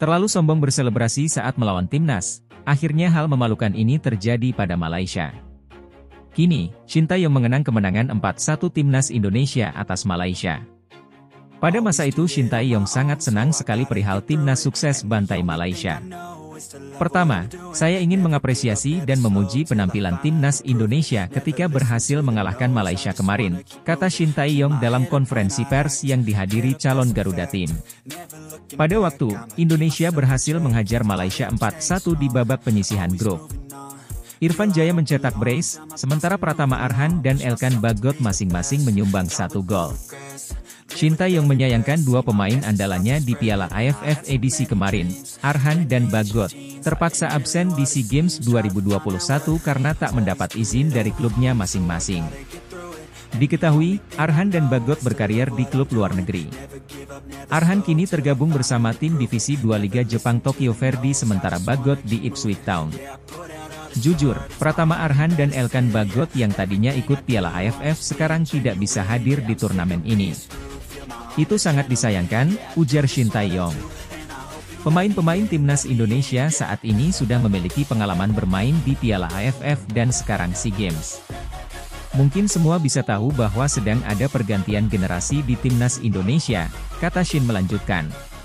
Terlalu sombong berselebrasi saat melawan timnas, akhirnya hal memalukan ini terjadi pada Malaysia. Kini, Shin yang mengenang kemenangan 4-1 timnas Indonesia atas Malaysia. Pada masa itu Shin Taeyong sangat senang sekali perihal timnas sukses bantai Malaysia. Pertama, saya ingin mengapresiasi dan memuji penampilan timnas Indonesia ketika berhasil mengalahkan Malaysia kemarin, kata Shin Taeyong dalam konferensi pers yang dihadiri calon Garuda Tim. Pada waktu, Indonesia berhasil menghajar Malaysia 4-1 di babak penyisihan grup. Irfan Jaya mencetak brace, sementara Pratama Arhan dan Elkan Bagot masing-masing menyumbang satu gol. Cinta yang menyayangkan dua pemain andalannya di Piala AFF edisi kemarin, Arhan dan Bagot, terpaksa absen di SEA Games 2021 karena tak mendapat izin dari klubnya masing-masing. Diketahui, Arhan dan Bagot berkarier di klub luar negeri. Arhan kini tergabung bersama tim divisi 2 Liga Jepang Tokyo Verdy sementara Bagot di Ipswich Town. Jujur, Pratama Arhan dan Elkan Bagot yang tadinya ikut Piala AFF sekarang tidak bisa hadir di turnamen ini. Itu sangat disayangkan, ujar Shin Taeyong. Pemain-pemain timnas Indonesia saat ini sudah memiliki pengalaman bermain di Piala AFF dan sekarang SEA Games. Mungkin semua bisa tahu bahwa sedang ada pergantian generasi di timnas Indonesia, kata Shin melanjutkan.